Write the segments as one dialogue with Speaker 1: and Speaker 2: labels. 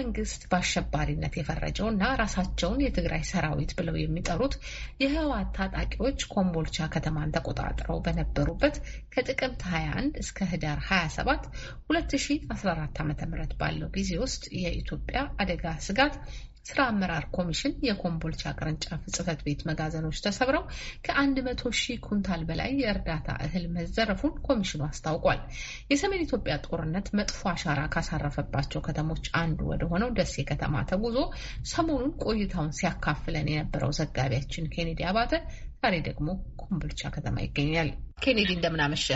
Speaker 1: መንግስት በአሸባሪነት የፈረጀው እና ራሳቸውን የትግራይ ሰራዊት ብለው የሚጠሩት የህወሓት ታጣቂዎች ኮምቦልቻ ከተማን ተቆጣጥረው በነበሩበት ከጥቅምት 21 እስከ ህዳር 27 2014 ዓ.ም ባለው ጊዜ ውስጥ የኢትዮጵያ አደጋ ስጋት ስራ አመራር ኮሚሽን የኮምቦልቻ ቅርንጫፍ ጽህፈት ቤት መጋዘኖች ተሰብረው ከ100 ሺህ ኩንታል በላይ የእርዳታ እህል መዘረፉን ኮሚሽኑ አስታውቋል። የሰሜን ኢትዮጵያ ጦርነት መጥፎ አሻራ ካሳረፈባቸው ከተሞች አንዱ ወደ ሆነው ደሴ ከተማ ተጉዞ ሰሞኑን ቆይታውን ሲያካፍለን የነበረው ዘጋቢያችን ኬኔዲ አባተ ዛሬ ደግሞ ኮምቦልቻ ከተማ ይገኛል። ኬኔዲ እንደምናመሸ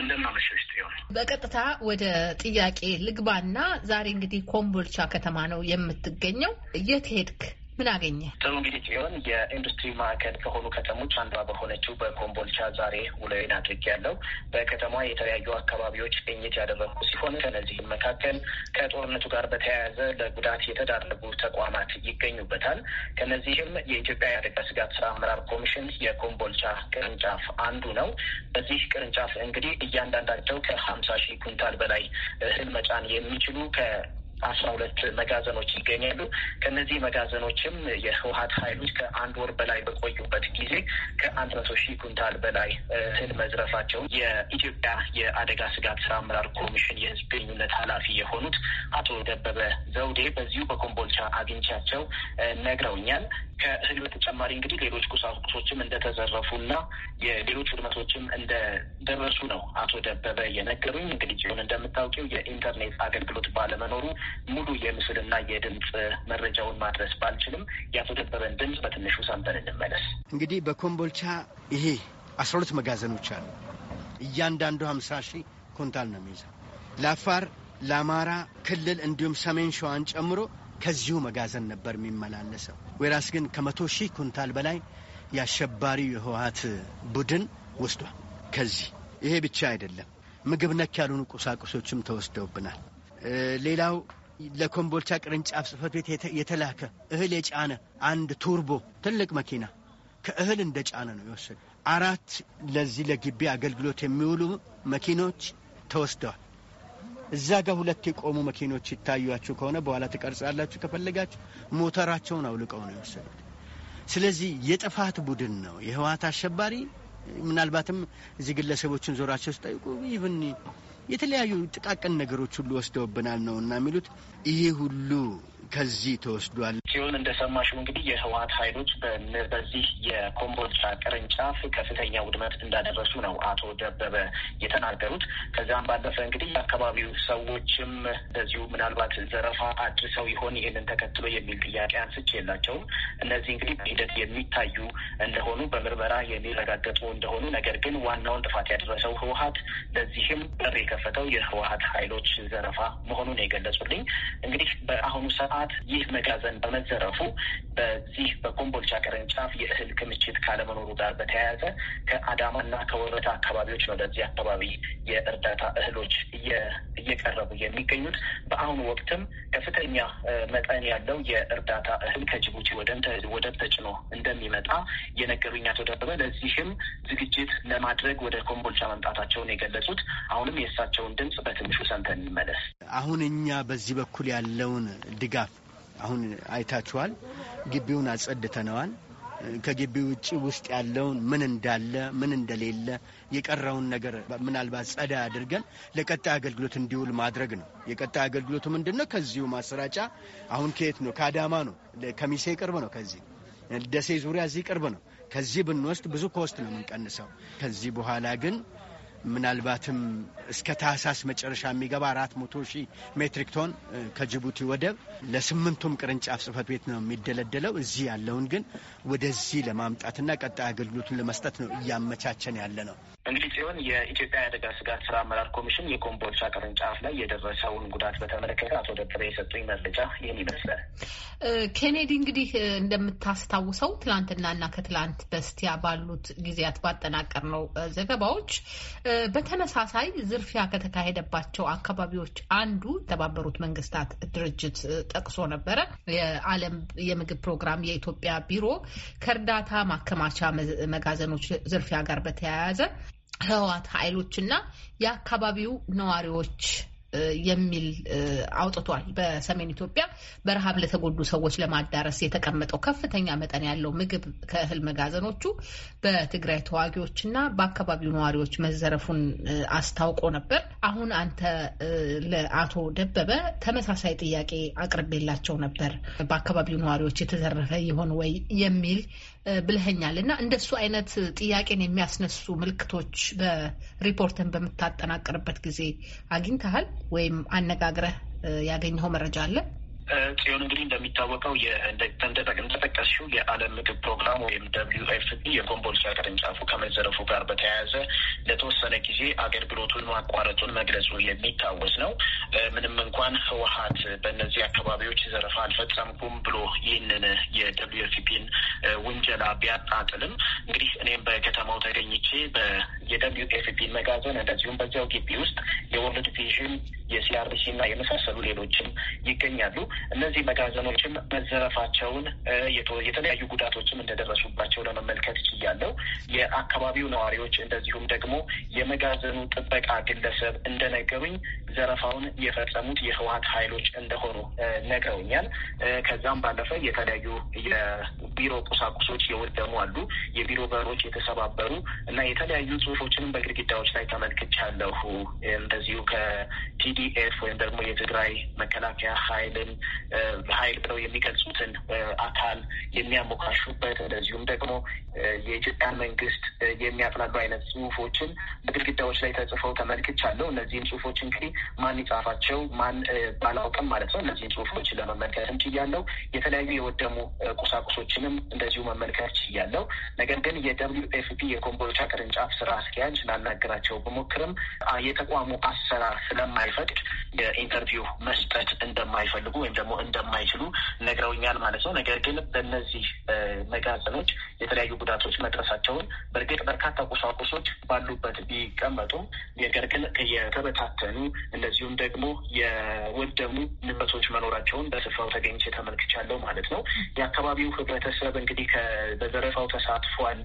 Speaker 1: እንደምናመሸሽ ሲሆን በቀጥታ ወደ ጥያቄ ልግባና ዛሬ እንግዲህ ኮምቦልቻ ከተማ ነው የምትገኘው። የት ሄድክ? ምን አገኘ?
Speaker 2: ጥሩ እንግዲህ ጽዮን፣ የኢንዱስትሪ ማዕከል ከሆኑ ከተሞች አንዷ በሆነችው በኮምቦልቻ ዛሬ ውሎዬን አድርጌያለሁ። በከተማ የተለያዩ አካባቢዎች ቅኝት ያደረጉ ሲሆን ከነዚህም መካከል ከጦርነቱ ጋር በተያያዘ ለጉዳት የተዳረጉ ተቋማት ይገኙበታል። ከነዚህም የኢትዮጵያ የአደጋ ስጋት ስራ አመራር ኮሚሽን የኮምቦልቻ ቅርንጫፍ አንዱ ነው። በዚህ ቅርንጫፍ እንግዲህ እያንዳንዳቸው ከሀምሳ ሺህ ኩንታል በላይ እህል መጫን የሚችሉ ከ አስራ ሁለት መጋዘኖች ይገኛሉ። ከነዚህ መጋዘኖችም የህወሀት ኃይሎች ከአንድ ወር በላይ በቆዩበት ጊዜ ከአንድ መቶ ሺህ ኩንታል በላይ እህል መዝረፋቸውን የኢትዮጵያ የአደጋ ስጋት ስራ አመራር ኮሚሽን የህዝብ ግንኙነት ኃላፊ የሆኑት አቶ ደበበ ዘውዴ በዚሁ በኮምቦልቻ አግኝቻቸው ነግረውኛል። ከእህል በተጨማሪ እንግዲህ ሌሎች ቁሳቁሶችም እንደተዘረፉና የሌሎች ውድመቶችም እንደደረሱ ነው አቶ ደበበ የነገሩኝ። እንግዲህ ሲሆን እንደምታውቂው የኢንተርኔት አገልግሎት ባለመኖሩ ሙሉ የምስልና የድምፅ መረጃውን ማድረስ ባልችልም የአቶ ደበበን ድምፅ በትንሹ
Speaker 3: ሰምተን እንመለስ። እንግዲህ በኮምቦልቻ ይሄ አስራ ሁለት መጋዘኖች አሉ። እያንዳንዱ ሀምሳ ሺህ ኮንታል ነው የሚይዘው ለአፋር ለአማራ ክልል እንዲሁም ሰሜን ሸዋን ጨምሮ ከዚሁ መጋዘን ነበር የሚመላለሰው። ወይራስ ግን ከመቶ ሺህ ኩንታል በላይ የአሸባሪው የህወሀት ቡድን ወስዷል። ከዚህ ይሄ ብቻ አይደለም፣ ምግብ ነክ ያልሆኑ ቁሳቁሶችም ተወስደውብናል። ሌላው ለኮምቦልቻ ቅርንጫፍ ጽህፈት ቤት የተላከ እህል የጫነ አንድ ቱርቦ ትልቅ መኪና ከእህል እንደ ጫነ ነው የወሰዱ። አራት ለዚህ ለግቢ አገልግሎት የሚውሉ መኪኖች ተወስደዋል። እዛ ጋር ሁለት የቆሙ መኪኖች ይታዩችሁ ከሆነ በኋላ ትቀርጻላችሁ ከፈለጋችሁ። ሞተራቸውን አውልቀው ነው የወሰዱት። ስለዚህ የጥፋት ቡድን ነው የህወሀት አሸባሪ። ምናልባትም እዚህ ግለሰቦችን ዞራቸው ስጠይቁ ይብን የተለያዩ ጥቃቅን ነገሮች ሁሉ ወስደውብናል ነው እና የሚሉት ይህ ሁሉ ከዚህ ተወስዷል
Speaker 2: ሲሆን እንደሰማሽው እንግዲህ የህወሀት ኃይሎች በዚህ የኮምቦልቻ ቅርንጫፍ ከፍተኛ ውድመት እንዳደረሱ ነው አቶ ደበበ የተናገሩት። ከዚያም ባለፈ እንግዲህ የአካባቢው ሰዎችም እንደዚሁ ምናልባት ዘረፋ አድርሰው ይሆን ይህንን ተከትሎ የሚል ጥያቄ አንስቼ የላቸውም። እነዚህ እንግዲህ በሂደት የሚታዩ እንደሆኑ በምርመራ የሚረጋገጡ እንደሆኑ፣ ነገር ግን ዋናውን ጥፋት ያደረሰው ህወሀት ለዚህም በር የከፈተው የህወሀት ኃይሎች ዘረፋ መሆኑን የገለጹልኝ እንግዲህ በአሁኑ ሰዓት ልማት ይህ መጋዘን በመዘረፉ በዚህ በኮምቦልቻ ቅርንጫፍ የእህል ክምችት ካለመኖሩ ጋር በተያያዘ ከአዳማና ከወረታ አካባቢዎች ነው ለዚህ አካባቢ የእርዳታ እህሎች እየቀረቡ የሚገኙት። በአሁኑ ወቅትም ከፍተኛ መጠን ያለው የእርዳታ እህል ከጅቡቲ ወደብ ተጭኖ እንደሚመጣ የነገሩኝ አቶ ደበበ ለዚህም ዝግጅት ለማድረግ ወደ ኮምቦልቻ መምጣታቸውን የገለጹት አሁንም የእሳቸውን ድምጽ በትንሹ ሰምተን እንመለስ።
Speaker 3: አሁን እኛ በዚህ በኩል ያለውን ድጋፍ አሁን አይታችኋል። ግቢውን አጸድተነዋል። ከግቢ ውጭ ውስጥ ያለውን ምን እንዳለ ምን እንደሌለ የቀረውን ነገር ምናልባት ጸዳ አድርገን ለቀጣይ አገልግሎት እንዲውል ማድረግ ነው። የቀጣይ አገልግሎቱ ምንድን ነው? ከዚሁ ማሰራጫ አሁን ከየት ነው? ከአዳማ ነው። ከሚሴ ቅርብ ነው። ከዚህ ደሴ ዙሪያ እዚህ ቅርብ ነው። ከዚህ ብንወስድ ብዙ ኮስት ነው የምንቀንሰው። ከዚህ በኋላ ግን ምናልባትም እስከ ታህሳስ መጨረሻ የሚገባ አራት መቶ ሺህ ሜትሪክ ቶን ከጅቡቲ ወደብ ለስምንቱም ቅርንጫፍ ጽህፈት ቤት ነው የሚደለደለው። እዚህ ያለውን ግን ወደዚህ ለማምጣትና ቀጣይ አገልግሎቱን ለመስጠት ነው እያመቻቸን ያለ ነው።
Speaker 2: ሲሆን የኢትዮጵያ የአደጋ ስጋት ስራ አመራር ኮሚሽን የኮምቦልቻ ቅርንጫፍ ላይ የደረሰውን ጉዳት በተመለከተ አቶ ደበበ የሰጡኝ መረጃ ይህን ይመስላል።
Speaker 1: ኬኔዲ እንግዲህ እንደምታስታውሰው ትላንትናና ከትላንት በስቲያ ባሉት ጊዜያት ባጠናቀር ነው ዘገባዎች በተመሳሳይ ዝርፊያ ከተካሄደባቸው አካባቢዎች አንዱ የተባበሩት መንግስታት ድርጅት ጠቅሶ ነበረ። የዓለም የምግብ ፕሮግራም የኢትዮጵያ ቢሮ ከእርዳታ ማከማቻ መጋዘኖች ዝርፊያ ጋር በተያያዘ ህወሓት ኃይሎችና የአካባቢው ነዋሪዎች የሚል አውጥቷል። በሰሜን ኢትዮጵያ በረሃብ ለተጎዱ ሰዎች ለማዳረስ የተቀመጠው ከፍተኛ መጠን ያለው ምግብ ከእህል መጋዘኖቹ በትግራይ ተዋጊዎችና በአካባቢው ነዋሪዎች መዘረፉን አስታውቆ ነበር። አሁን አንተ ለአቶ ደበበ ተመሳሳይ ጥያቄ አቅርቤላቸው ነበር። በአካባቢው ነዋሪዎች የተዘረፈ ይሆን ወይ የሚል ብልኸኛል እና እንደሱ አይነት ጥያቄን የሚያስነሱ ምልክቶች በሪፖርትን በምታጠናቅርበት ጊዜ አግኝተሃል? ወይም አነጋግረህ ያገኘኸው መረጃ አለ?
Speaker 2: ጽዮን እንግዲህ እንደሚታወቀው እንደጠቀስሽው የዓለም ምግብ ፕሮግራም ወይም ደብሊዩ ኤፍ ፒ የኮምቦልቻ ቅርንጫፉ ከመዘረፉ ጋር በተያያዘ ለተወሰነ ጊዜ አገልግሎቱን ማቋረጡን መግለጹ የሚታወስ ነው። ምንም እንኳን ህወሀት በእነዚህ አካባቢዎች ዘረፋ አልፈጸምኩም ብሎ ይህንን የደብሊዩ ኤፍ ፒን ውንጀላ ቢያጣጥልም እንግዲህ እኔም በከተማው ተገኝቼ የደብሊው ኤፍፒ መጋዘን እንደዚሁም በዚያው ግቢ ውስጥ የወርልድ ቪዥን የሲአርሲ እና የመሳሰሉ ሌሎችም ይገኛሉ። እነዚህ መጋዘኖችም መዘረፋቸውን የተለያዩ ጉዳቶችም እንደደረሱባቸው ለመመልከት ችያለው። የአካባቢው ነዋሪዎች እንደዚሁም ደግሞ የመጋዘኑ ጥበቃ ግለሰብ እንደነገሩኝ ዘረፋውን የፈጸሙት የህወሀት ኃይሎች እንደሆኑ ነግረውኛል። ከዛም ባለፈ የተለያዩ የቢሮ ቁሳቁሶች የወደሙ አሉ፣ የቢሮ በሮች የተሰባበሩ እና የተለያዩ ጽሁፎች ጽሁፎችንም በግድግዳዎች ላይ ተመልክቻለሁ። እንደዚሁ ከቲዲኤፍ ወይም ደግሞ የትግራይ መከላከያ ኃይልን ኃይል ብለው የሚገልጹትን አካል የሚያሞካሹበት እንደዚሁም ደግሞ የኢትዮጵያ መንግስት የሚያጥላሉ አይነት ጽሁፎችን በግድግዳዎች ላይ ተጽፈው ተመልክቻለሁ። እነዚህም ጽሁፎች እንግዲህ ማን ይጻፋቸው ማን ባላውቅም ማለት ነው። እነዚህን ጽሁፎች ለመመልከትም ችያለሁ። የተለያዩ የወደሙ ቁሳቁሶችንም እንደዚሁ መመልከት ችያለሁ። ነገር ግን የደብሊዩ ኤፍ ፒ የኮምቦልቻ ቅርንጫፍ ስራ አስኪያጅ ላናገራቸው በሞክርም የተቋሙ አሰራር ስለማይፈቅድ የኢንተርቪው መስጠት እንደማይፈልጉ ወይም ደግሞ እንደማይችሉ ነግረውኛል ማለት ነው። ነገር ግን በእነዚህ መጋዘኖች የተለያዩ ጉዳቶች መድረሳቸውን በእርግጥ በርካታ ቁሳቁሶች ባሉበት ቢቀመጡም ነገር ግን የተበታተኑ እንደዚሁም ደግሞ የወደሙ ንብረቶች መኖራቸውን በስፍራው ተገኝቼ ተመልክቻለሁ ማለት ነው። የአካባቢው ህብረተሰብ እንግዲህ በዘረፋው ተሳትፏል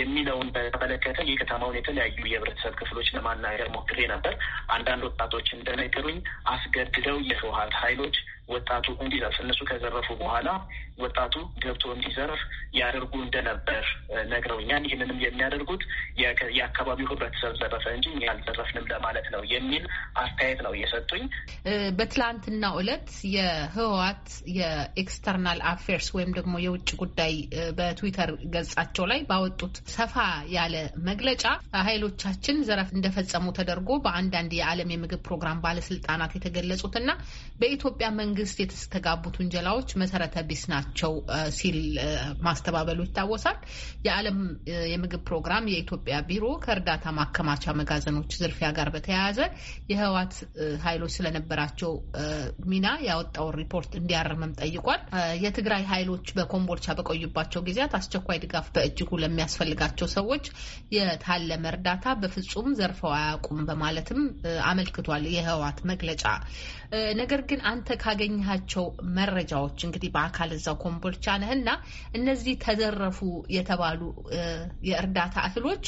Speaker 2: የሚለውን በተመለከተ የከተማውን የተለያዩ የህብረተሰብ ክፍሎች ለማናገር ሞክሬ ነበር። አንዳንድ ወጣቶች እንደነገሩኝ አስገድደው የህወሀት ኃይሎች ወጣቱ እንዲዘርፍ እነሱ ከዘረፉ በኋላ ወጣቱ ገብቶ እንዲዘርፍ ያደርጉ እንደነበር ነግረውኛል። ይህንንም የሚያደርጉት የአካባቢው ህብረተሰብ ዘረፈ እንጂ ያልዘረፍንም ለማለት ነው የሚል አስተያየት ነው እየሰጡኝ።
Speaker 1: በትላንትና እለት የህወሓት የኤክስተርናል አፌርስ ወይም ደግሞ የውጭ ጉዳይ በትዊተር ገጻቸው ላይ ባወጡት ሰፋ ያለ መግለጫ ኃይሎቻችን ዘረፍ እንደፈጸሙ ተደርጎ በአንዳንድ የዓለም የምግብ ፕሮግራም ባለስልጣናት የተገለጹትና በኢትዮጵያ መንግስት መንግስት የተስተጋቡት ውንጀላዎች መሰረተ ቢስ ናቸው ሲል ማስተባበሉ ይታወሳል። የዓለም የምግብ ፕሮግራም የኢትዮጵያ ቢሮ ከእርዳታ ማከማቻ መጋዘኖች ዝርፊያ ጋር በተያያዘ የህወሓት ኃይሎች ስለነበራቸው ሚና ያወጣውን ሪፖርት እንዲያርምም ጠይቋል። የትግራይ ኃይሎች በኮምቦልቻ በቆዩባቸው ጊዜያት አስቸኳይ ድጋፍ በእጅጉ ለሚያስፈልጋቸው ሰዎች የታለመ እርዳታ በፍጹም ዘርፈው አያውቁም በማለትም አመልክቷል የህወሓት መግለጫ። ነገር ግን አንተ ካገ ያገኘሃቸው መረጃዎች እንግዲህ በአካል እዛው ኮምቦልቻ ነህ እና እነዚህ ተዘረፉ የተባሉ የእርዳታ እህሎች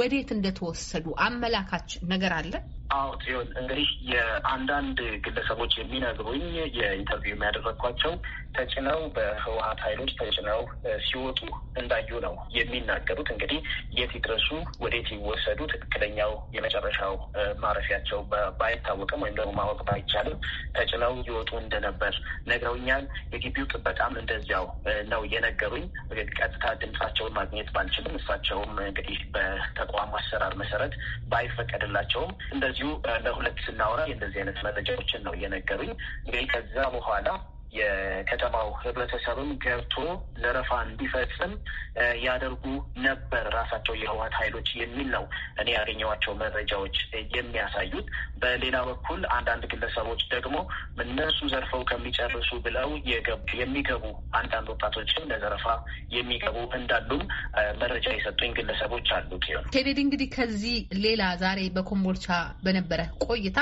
Speaker 1: ወዴት እንደተወሰዱ አመላካች ነገር አለ?
Speaker 2: አዎ ጽዮን፣ እንግዲህ የአንዳንድ ግለሰቦች የሚነግሩኝ የኢንተርቪው የሚያደረግኳቸው ተጭነው በህወሀት ኃይሎች ተጭነው ሲወጡ እንዳዩ ነው የሚናገሩት። እንግዲህ የት ይድረሱ፣ ወዴት ይወሰዱ፣ ትክክለኛው የመጨረሻው ማረፊያቸው ባይታወቅም ወይም ደግሞ ማወቅ ባይቻልም ተጭነው ይወጡ እንደነበር ነግረውኛል። የግቢው ጥበቃም እንደዚያው ነው የነገሩኝ። ቀጥታ ድምጻቸውን ማግኘት ባልችልም እሳቸውም እንግዲህ በተቋም አሰራር መሰረት ባይፈቀድላቸውም እንደ እንደዚሁ ለሁለት ስናወራ እንደዚህ አይነት መረጃዎችን ነው እየነገሩኝ። እንግዲህ ከዛ በኋላ የከተማው ህብረተሰብም ገብቶ ዘረፋ እንዲፈጽም ያደርጉ ነበር ራሳቸው የህወሓት ኃይሎች የሚል ነው እኔ ያገኘኋቸው መረጃዎች የሚያሳዩት። በሌላ በኩል አንዳንድ ግለሰቦች ደግሞ እነሱ ዘርፈው ከሚጨርሱ ብለው የሚገቡ አንዳንድ ወጣቶችን ለዘረፋ የሚገቡ እንዳሉም መረጃ የሰጡኝ ግለሰቦች አሉ።
Speaker 1: ቴሌድ እንግዲህ ከዚህ ሌላ ዛሬ በኮምቦልቻ በነበረ ቆይታ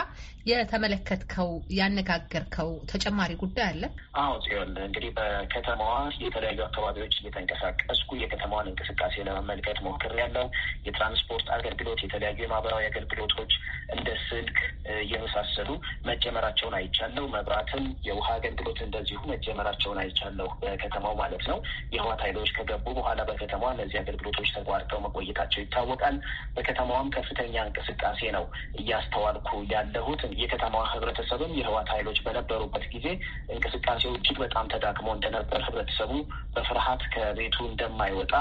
Speaker 1: የተመለከትከው ያነጋገርከው ተጨማሪ ጉዳይ አለ?
Speaker 2: አዎ ጽዮን፣ እንግዲህ በከተማዋ የተለያዩ አካባቢዎች እየተንቀሳቀስኩ የከተማዋን እንቅስቃሴ ለመመልከት ሞክር ያለው የትራንስፖርት አገልግሎት፣ የተለያዩ የማህበራዊ አገልግሎቶች እንደ ስልክ እየመሳሰሉ መጀመራቸውን አይቻለሁ። መብራትም፣ የውሃ አገልግሎት እንደዚሁ መጀመራቸውን አይቻለሁ በከተማው ማለት ነው። የህዋት ኃይሎች ከገቡ በኋላ በከተማዋ እነዚህ አገልግሎቶች ተቋርጠው መቆየታቸው ይታወቃል። በከተማዋም ከፍተኛ እንቅስቃሴ ነው እያስተዋልኩ ያለሁት። የከተማዋ ህብረተሰብም የህዋት ኃይሎች በነበሩበት ጊዜ እንቅስቃሴው እጅግ በጣም ተዳክሞ እንደነበር ህብረተሰቡ በፍርሃት ከቤቱ እንደማይወጣ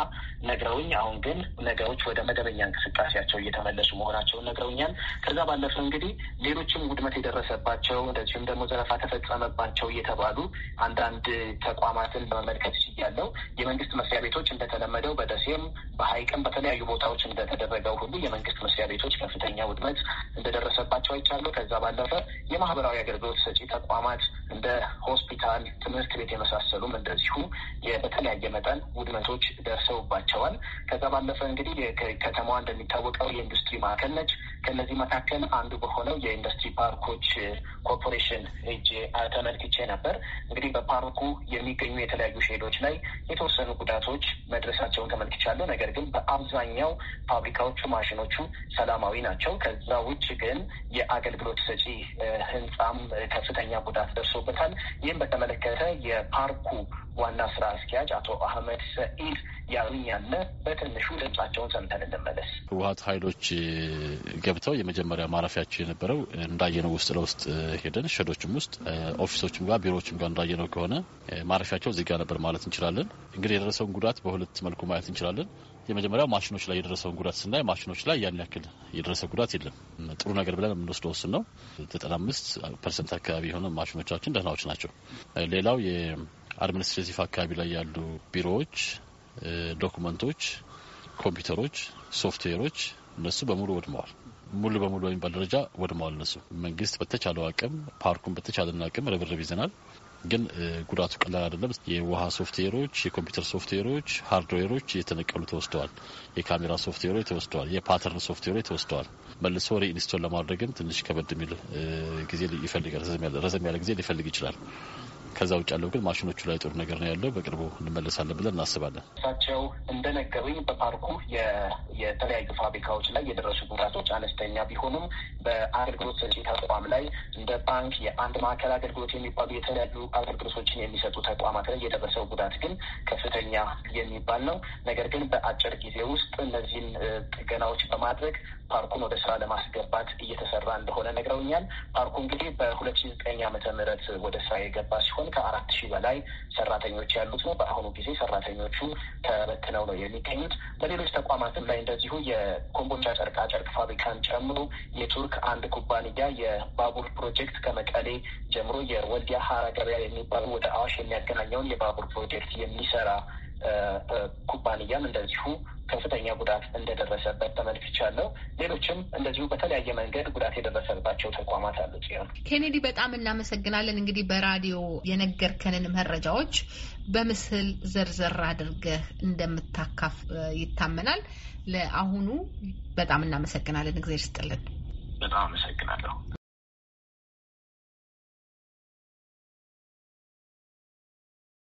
Speaker 2: ነግረውኝ፣ አሁን ግን ነገሮች ወደ መደበኛ እንቅስቃሴያቸው እየተመለሱ መሆናቸውን ነግረውኛል። ከዛ ባለፈ እንግዲህ ሌሎችም ውድመት የደረሰባቸው እንደዚሁም ደግሞ ዘረፋ ተፈጸመባቸው እየተባሉ አንዳንድ ተቋማትን በመመልከት ያለው የመንግስት መስሪያ ቤቶች እንደተለመደው በደሴም በሀይቅም በተለያዩ ቦታዎች እንደተደረገው ሁሉ የመንግስት መስሪያ ቤቶች ከፍተኛ ውድመት እንደደረሰባቸው አይቻሉ። ከዛ ባለፈ የማህበራዊ አገልግሎት ሰጪ ተቋማት እንደ ሆስፒታል፣ ትምህርት ቤት የመሳሰሉም እንደዚሁ በተለያየ መጠን ውድመቶች ደርሰውባቸዋል። ከዛ ባለፈ እንግዲህ ከተማዋ እንደሚታወቀው የኢንዱስትሪ ማዕከል ነች። ከነዚህ መካከል አንዱ በሆነው የኢንዱስትሪ ፓርኮች ኮርፖሬሽን እጅ ተመልክቼ ነበር። እንግዲህ በፓርኩ የሚገኙ የተለያዩ ሼዶች ላይ የተወሰኑ ጉዳቶች መድረሳቸውን ተመልክቻለሁ። ነገር ግን በአብዛ አብዛኛው ፋብሪካዎቹ ማሽኖቹ ሰላማዊ ናቸው። ከዛ ውጭ ግን የአገልግሎት ሰጪ ህንጻም ከፍተኛ ጉዳት ደርሶበታል። ይህም በተመለከተ የፓርኩ ዋና ስራ አስኪያጅ አቶ አህመድ ሰኢድ ያሉኛለ በትንሹ ድምጻቸውን ሰምተን እንመለስ።
Speaker 4: ህወሀት ኃይሎች ገብተው የመጀመሪያ ማረፊያቸው የነበረው እንዳየነው ውስጥ ለውስጥ ሄደን ሸዶችም ውስጥ ኦፊሶችም ጋር ቢሮዎችም ጋር እንዳየነው ከሆነ ማረፊያቸው እዚህ ጋር ነበር ማለት እንችላለን። እንግዲህ የደረሰውን ጉዳት በሁለት መልኩ ማየት እንችላለን። የመጀመሪያው ማሽኖች ላይ የደረሰውን ጉዳት ስናይ ማሽኖች ላይ ያን ያክል የደረሰ ጉዳት የለም። ጥሩ ነገር ብለን የምንወስደው ውስን ነው። ዘጠና አምስት ፐርሰንት አካባቢ የሆነ ማሽኖቻችን ደህናዎች ናቸው። ሌላው የአድሚኒስትሬቲቭ አካባቢ ላይ ያሉ ቢሮዎች፣ ዶኩመንቶች፣ ኮምፒውተሮች፣ ሶፍትዌሮች እነሱ በሙሉ ወድመዋል። ሙሉ በሙሉ በሚባል ደረጃ ወድመዋል። እነሱ መንግስት በተቻለው አቅም ፓርኩን በተቻለን አቅም ርብርብ ይዘናል። ግን ጉዳቱ ቀላል አይደለም። የውሃ ሶፍትዌሮች፣ የኮምፒውተር ሶፍትዌሮች፣ ሃርድዌሮች እየተነቀሉ ተወስደዋል። የካሜራ ሶፍትዌሮች ተወስደዋል። የፓተርን ሶፍትዌሮች ተወስደዋል። መልሶ ሪኢንስቶል ለማድረግም ትንሽ ከበድ የሚል ጊዜ ይፈልጋል። ረዘም ያለ ጊዜ ሊፈልግ ይችላል። ከዛ ውጭ ያለው ግን ማሽኖቹ ላይ ጥሩ ነገር ነው ያለው። በቅርቡ እንመለሳለን ብለን እናስባለን።
Speaker 3: እሳቸው
Speaker 2: እንደነገሩኝ በፓርኩ የተለያዩ ፋብሪካዎች ላይ የደረሱ ጉዳቶች አነስተኛ ቢሆኑም በአገልግሎት ሰጪ ተቋም ላይ እንደ ባንክ፣ የአንድ ማዕከል አገልግሎት የሚባሉ የተለያዩ አገልግሎቶችን የሚሰጡ ተቋማት ላይ የደረሰው ጉዳት ግን ከፍተኛ የሚባል ነው። ነገር ግን በአጭር ጊዜ ውስጥ እነዚህን ጥገናዎች በማድረግ ፓርኩን ወደ ስራ ለማስገባት እየተሰራ እንደሆነ ነግረውኛል። ፓርኩ እንግዲህ በሁለት ሺ ዘጠኝ ዓመተ ምህረት ወደ ስራ የገባ ሲሆን ከአራት ሺህ በላይ ሰራተኞች ያሉት ነው። በአሁኑ ጊዜ ሰራተኞቹ ተበትነው ነው የሚገኙት። በሌሎች ተቋማትም ላይ እንደዚሁ የኮምቦልቻ ጨርቃ ጨርቅ ፋብሪካን ጨምሮ የቱርክ አንድ ኩባንያ የባቡር ፕሮጀክት ከመቀሌ ጀምሮ የወልዲያ ሀራ ገበያ የሚባሉ ወደ አዋሽ የሚያገናኘውን የባቡር ፕሮጀክት የሚሰራ ኩባንያም እንደዚሁ ከፍተኛ ጉዳት እንደደረሰበት ተመልክቻለሁ። ሌሎችም እንደዚሁ በተለያየ መንገድ ጉዳት የደረሰባቸው ተቋማት አሉ። ሲሆን
Speaker 1: ኬኔዲ በጣም እናመሰግናለን። እንግዲህ በራዲዮ የነገርከንን መረጃዎች በምስል ዘርዘር አድርገህ እንደምታካፍ ይታመናል። ለአሁኑ በጣም እናመሰግናለን። እግዜር ስጥልን።
Speaker 2: በጣም አመሰግናለሁ።